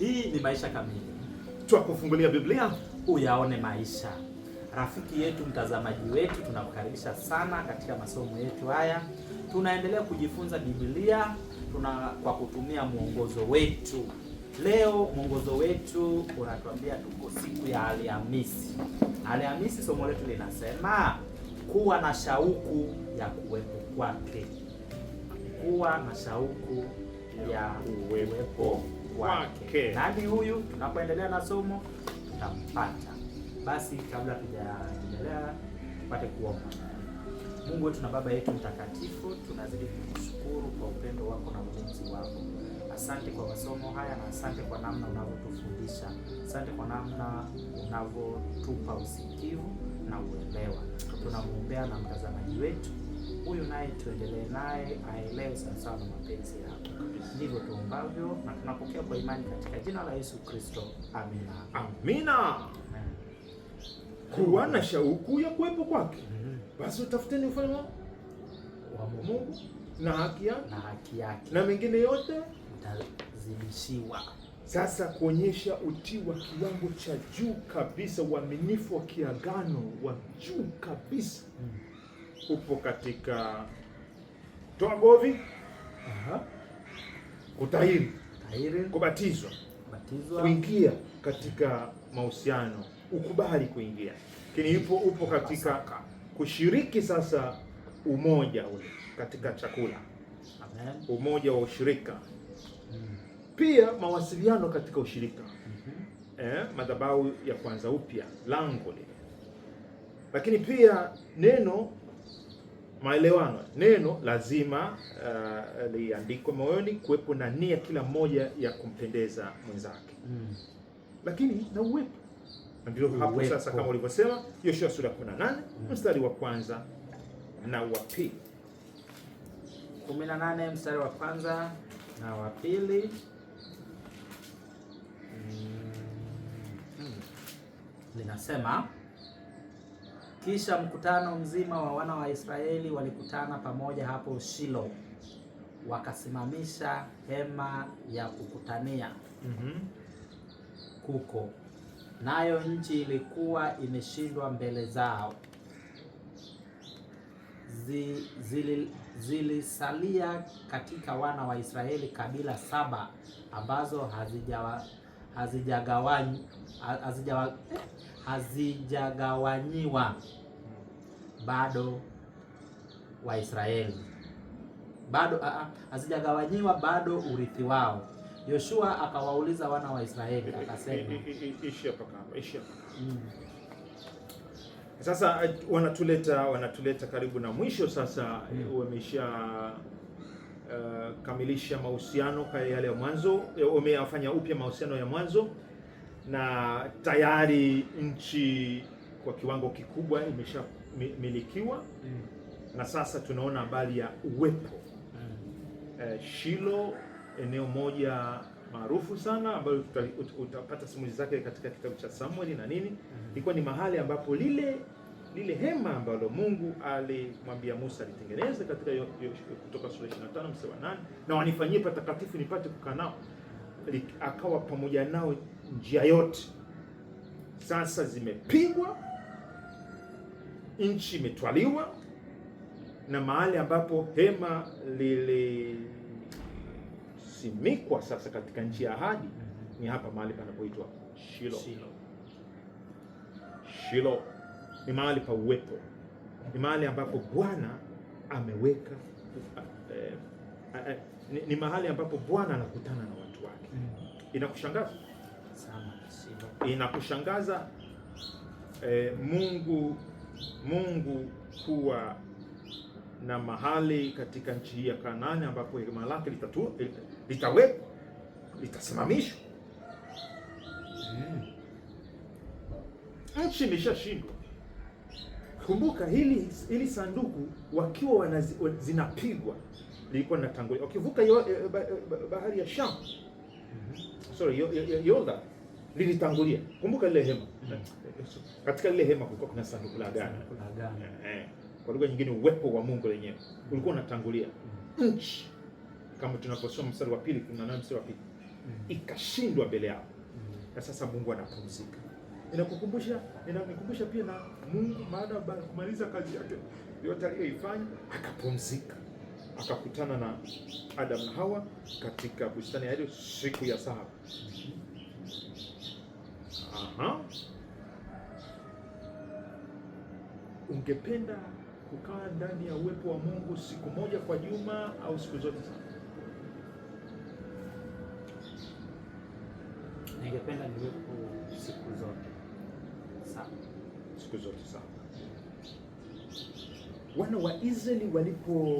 Hii ni Maisha Kamili, twakufungulia Biblia uyaone maisha. Rafiki yetu, mtazamaji wetu, tunakukaribisha sana katika masomo yetu haya. Tunaendelea kujifunza Biblia tuna kwa kutumia mwongozo wetu. Leo mwongozo wetu unatuambia tuko siku ya Alhamisi. Alhamisi somo letu linasema kuwa na shauku ya kuwepo kwake, kuwa na shauku ya uwepo wake. Nani huyu? Tunapoendelea na somo tutampata. Basi kabla tujaendelea, tupate kuomba. Mungu wetu na Baba yetu mtakatifu, tunazidi kukushukuru kwa upendo wako na ulinzi wako. Asante kwa masomo haya na asante kwa namna unavyotufundisha. Asante kwa namna unavyotupa usikivu na uelewa. Tunamwombea na mtazamaji wetu huyu naye tuendelee naye aelewe sawasawa na mapenzi yako. Ndivyo tuombavyo na tunapokea kwa imani katika jina la Yesu Kristo, amina. Amina. Kuwa na shauku ya kuwepo kwake, mm-hmm. basi utafuteni ufalme wa Mungu na haki yake, na mengine yote mtazidishiwa. Sasa kuonyesha utii wa kiwango cha juu kabisa, uaminifu wa kiagano wa juu kabisa hmm upo katika toa govi, kutahiri, kubatizwa, kuingia katika mahusiano, ukubali kuingia, lakini ipo upo katika kushiriki sasa umoja ule katika chakula, umoja wa ushirika, hmm. pia mawasiliano katika ushirika mhm. Eh, madhabahu ya kwanza upya lango lile, lakini pia neno maelewano. Neno lazima uh, liandikwe moyoni, kuwepo na nia kila mmoja ya kumpendeza mwenzake mm. Lakini na uwepo ndio hapo sasa, kama ulivyosema Yoshua sura ya 18 mm. mstari wa kwanza na wa pili 18 mstari wa kwanza na wa pili linasema mm. mm. Kisha mkutano mzima wa wana wa Israeli walikutana pamoja hapo Shilo, wakasimamisha hema ya kukutania mm -hmm. kuko nayo nchi ilikuwa imeshindwa mbele zao. Zili, zilisalia katika wana wa Israeli kabila saba ambazo hazijawa hazijagawanyi hazijawa, hazijagawanyiwa bado Waisraeli bado hazijagawanyiwa bado urithi wao. Yoshua akawauliza wana wa Israeli akasema, ishi hapa kama ishi hapa mm. Sasa eh, wanatuleta wanatuleta karibu na mwisho sasa, mm. wameisha uh, kamilisha mahusiano yale ya mwanzo, wameyafanya upya mahusiano ya mwanzo, na tayari nchi kwa kiwango kikubwa imeshamilikiwa mm. na sasa tunaona habari ya uwepo mm. uh, Shilo, eneo moja maarufu sana ambayo utapata simulizi zake katika kitabu cha Samueli na nini, mm-hmm. ilikuwa mm -hmm. ni mahali ambapo lile lile hema ambalo Mungu alimwambia Musa alitengeneze katika yo, yo, Kutoka sura 25 mstari wa 8, na wanifanyie patakatifu nipate kukaa nao, akawa pamoja nao njia yote. Sasa zimepigwa, nchi imetwaliwa, na mahali ambapo hema lilisimikwa sasa katika nchi ya ahadi ni hapa mahali panapoitwa Shilo, Shilo, Shilo ni mahali pa uwepo, ni mahali ambapo Bwana ameweka eh, eh, ni, ni mahali ambapo Bwana anakutana na watu wake. Mm. Inakushangaza sana, inakushangaza eh, Mungu Mungu kuwa na mahali katika nchi hii ya Kanaani ambapo hema lake litawekwa litasimamishwa. Mm. Nchi imeshashindwa Kumbuka hili hili sanduku wakiwa zinapigwa lilikuwa linatangulia wakivuka yo, eh, eh, bahari ya Sham mm -hmm. sorry Yordani lilitangulia. Kumbuka lile hema mm -hmm. katika lile hema kulikuwa kuna sanduku la agano eh, kwa lugha nyingine uwepo wa Mungu lenyewe mm-hmm. ulikuwa unatangulia mm nchi kama tunaposoma mstari wa pili, kuna nani mstari wa pili mm ikashindwa mbele yao mm na sasa Mungu anapumzika inakukumbusha inanikumbusha pia na Mungu baada ya kumaliza kazi yake yote aliyoifanya akapumzika akakutana na Adam na Hawa katika bustani ya Edeni siku ya saba. Aha, ungependa kukaa ndani ya uwepo wa Mungu siku moja kwa juma au siku zote? Ningependa niwepo siku zote sawa, siku zote sawa. Wana wa Israeli walipo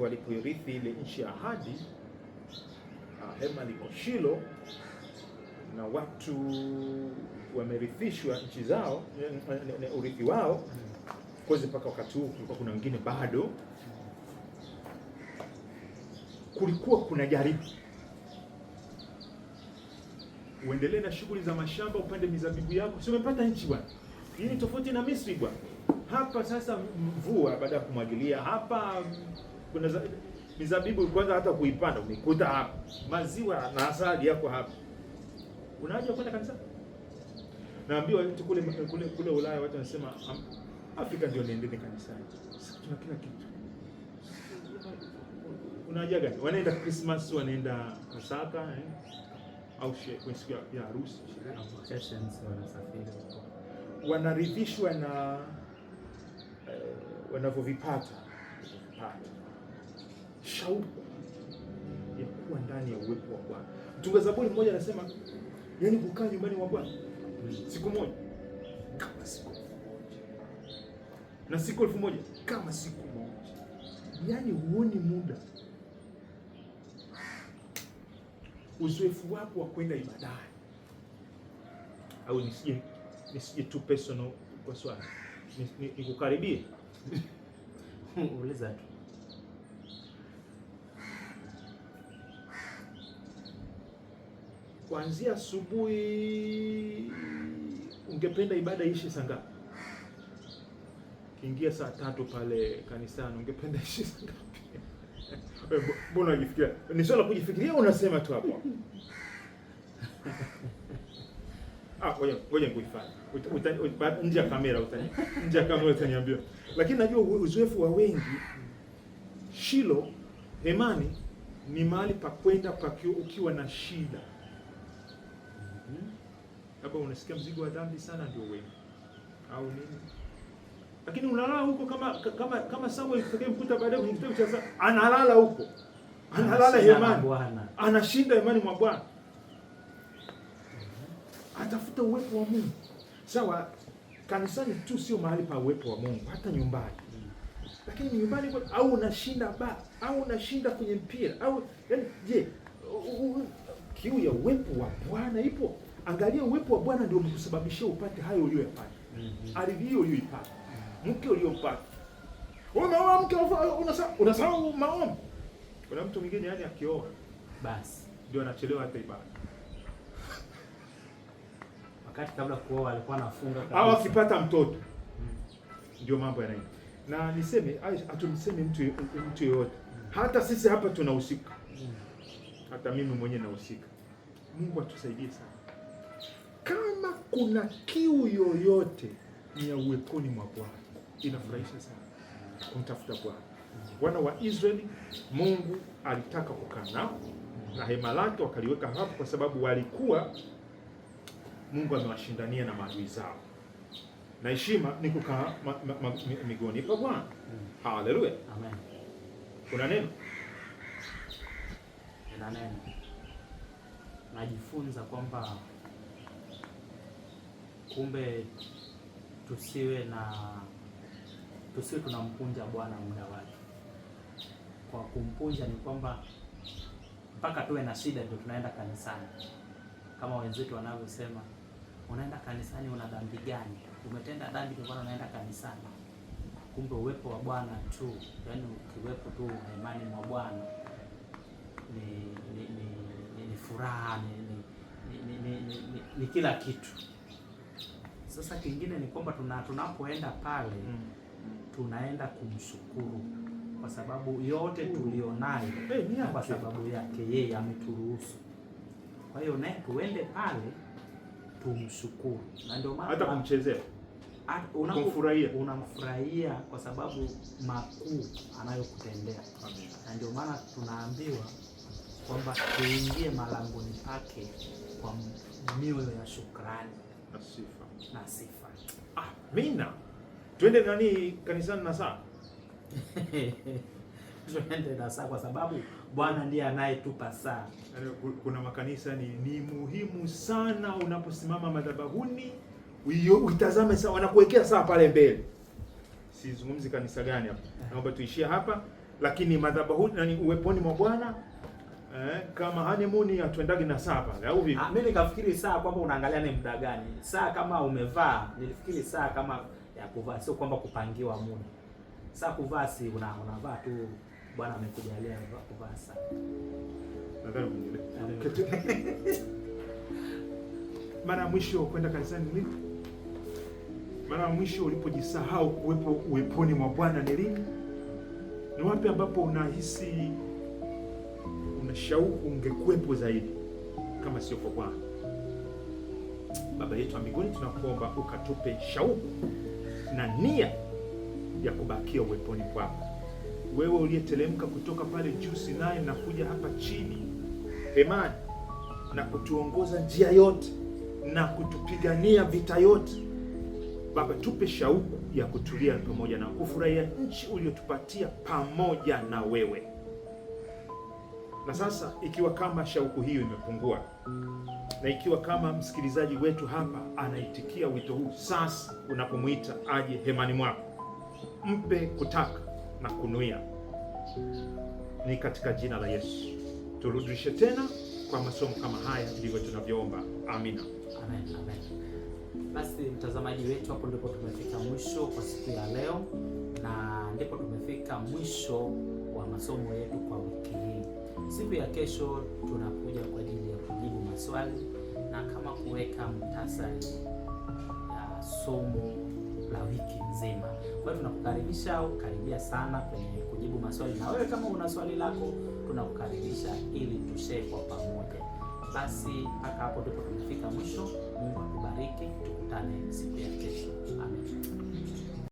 walipoirithi ile nchi ya ahadi, ah, hema liko Shilo na watu wamerithishwa nchi zao eh, eh, eh, urithi wao kozi. Mpaka wakati huu kulikuwa kuna wengine bado, kulikuwa kuna jaribu uendelee na shughuli za mashamba, upande mizabibu yako, si umepata nchi bwana. Hii ni tofauti na Misri bwana. Hapa sasa mvua baada ya kumwagilia hapa, kuna za, mizabibu kwanza hata kuipanda umekuta hapa, maziwa na asali yako hapa, unaje kwenda kanisa? Naambiwa watu kule kule kule Ulaya watu wanasema Afrika ndio niendeni kanisani, tuna kila kitu unajaga Wanaenda Christmas, wanaenda Pasaka eh? au kwenye siku ya harusi wanaridhishwa na eh, wanavyovipata vipata shauku ya kuwa ndani ya uwepo wa Bwana. Mtunga Zaburi mmoja anasema, yani kukaa nyumbani mwa Bwana hmm. siku moja kama siku na siku elfu moja kama siku moja, yani huoni muda uzoefu wako wa kwenda ibadani, au nisije nisije tu personal kwa swali nikukaribie uliza tu kuanzia asubuhi, ungependa ibada ishi saa ngapi? Kiingia saa tatu pale kanisani, ungependa ishe saa ngapi? Eh, mbona unajifikiria? Ni swala kujifikiria, unasema tu hapo. Ah, ngoja ngoja nikuifanye. Nje ya kamera utani. Nje ya kamera utaniambia. Lakini najua uzoefu wa wengi Shilo Hemani ni mahali pa kwenda ukiwa na shida. Mhm. Labda unasikia mzigo wa dhambi sana ndio wengi. Au nini? lakini unalala huko kama kama kama Samuel mkuta baadaye kwenye kitabu cha analala huko, analala hemani, anashinda hemani mwa Bwana, atafuta uwepo wa Mungu. Sawa, kanisani tu sio mahali pa uwepo wa Mungu, hata nyumbani lakini nyumbani kwa, au unashinda ba au unashinda kwenye mpira au yani, je, kiu ya uwepo wa Bwana ipo? Angalia, uwepo wa Bwana ndio umekusababishia upate hayo uliyoyapata, mm -hmm. ardhi hiyo uliyoipata mke uliompata. Unaoa mke unasahau maombi. Kuna mtu mwingine yani akioa basi ndio anachelewa hata ibada. Wakati kabla kuoa alikuwa anafunga kabisa. Au akipata mtoto mm. ndio mambo yanaenda. Na niseme atumseme mtu mtu yoyote. Hata sisi hapa tunahusika. Mm. Hata mimi mwenyewe nahusika. Mungu atusaidie sana. Kama kuna kiu yoyote ni ya uwekoni mwa Bwana inafurahisha sana kumtafuta Bwana. Wana wa Israeli, Mungu alitaka kukaa nao na hema lake wakaliweka hapo, kwa sababu walikuwa Mungu amewashindania na maadui zao, na heshima ni kukaa miguuni pa Bwana. Haleluya, amen. Kuna neno na neno najifunza kwamba kumbe tusiwe na tusiwe tunampunja Bwana muda wake. Kwa kumpunja ni kwamba mpaka tuwe na shida ndio tunaenda kanisani, kama wenzetu wanavyosema, unaenda kanisani, una dhambi gani? Umetenda dhambi kwa maana unaenda kanisani. Kumbe uwepo wa Bwana tu, yaani ukiwepo tu na imani mwa Bwana ni, ni, ni, ni, ni furaha ni, ni, ni, ni, ni, ni kila kitu. Sasa kingine ni kwamba tunapoenda pale mm tunaenda kumshukuru kwa sababu yote tulionayo hey, kwa sababu yake yeye ameturuhusu. Kwa hiyo naye tuende pale tumshukuru, na ndio maana hata kumchezea unamfurahia unamfurahia kwa sababu makuu anayokutendea, na ndio maana tunaambiwa kwamba tuingie malangoni pake kwa mioyo ya shukrani na sifa na sifa. Amina. Twende nani kanisani na saa tuende na saa, kwa sababu Bwana ndiye anayetupa saa. Yaani kuna makanisa ni, ni muhimu sana, unaposimama madhabahuni uitazame saa, wanakuwekea saa pale mbele. Sizungumzi kanisa gani hapa, naomba tuishie hapa, lakini madhabahuni nani, uweponi mwa Bwana Eh, kama honeymoon atuendagi na saa pale au vipi? Ah, mimi nikafikiri saa kwamba unaangalia ni muda gani. Saa kama umevaa, nilifikiri saa kama ya kuvaa, sio kwamba kupangiwa muda. Saa kuvaa si una, unavaa tu bwana amekujalia kuvaa saa. Mara ya mwisho kwenda kanisani ni lini? Mara ya mwisho ulipojisahau kuwepo uweponi mwa Bwana ni lini? Ni wapi ambapo unahisi una shauku ungekuwepo zaidi kama sio kwa Bwana? Baba yetu wa mbinguni, tunakuomba ukatupe shauku na nia ya kubakia uweponi kwako. Wewe uliyeteremka kutoka pale juu Sinai na kuja hapa chini hemani na kutuongoza njia yote na kutupigania vita yote. Baba, tupe shauku ya kutulia pamoja na kufurahia nchi uliyotupatia pamoja na wewe. Na sasa ikiwa kama shauku hiyo imepungua na ikiwa kama msikilizaji wetu hapa anaitikia wito huu sasa, unapomwita aje hemani mwako, mpe kutaka na kunuia, ni katika jina la Yesu. Turudishe tena kwa masomo kama haya, ndivyo tunavyoomba. Amina, amen, amen. Basi mtazamaji wetu, hapo ndipo tumefika mwisho kwa siku ya leo, na ndipo tumefika mwisho wa masomo yetu kwa wiki hii. Siku ya kesho tunakuja kwa ajili ya kujibu maswali na kama kuweka mtasari ya ah, somo la wiki nzima. Kwa hiyo tunakukaribisha au karibia sana kwenye kujibu maswali, na wewe kama una swali lako tunakukaribisha ili tushee kwa pamoja. Basi mpaka hapo ndipo tunafika mwisho. Mungu akubariki, tukutane siku ya kesho. Amen.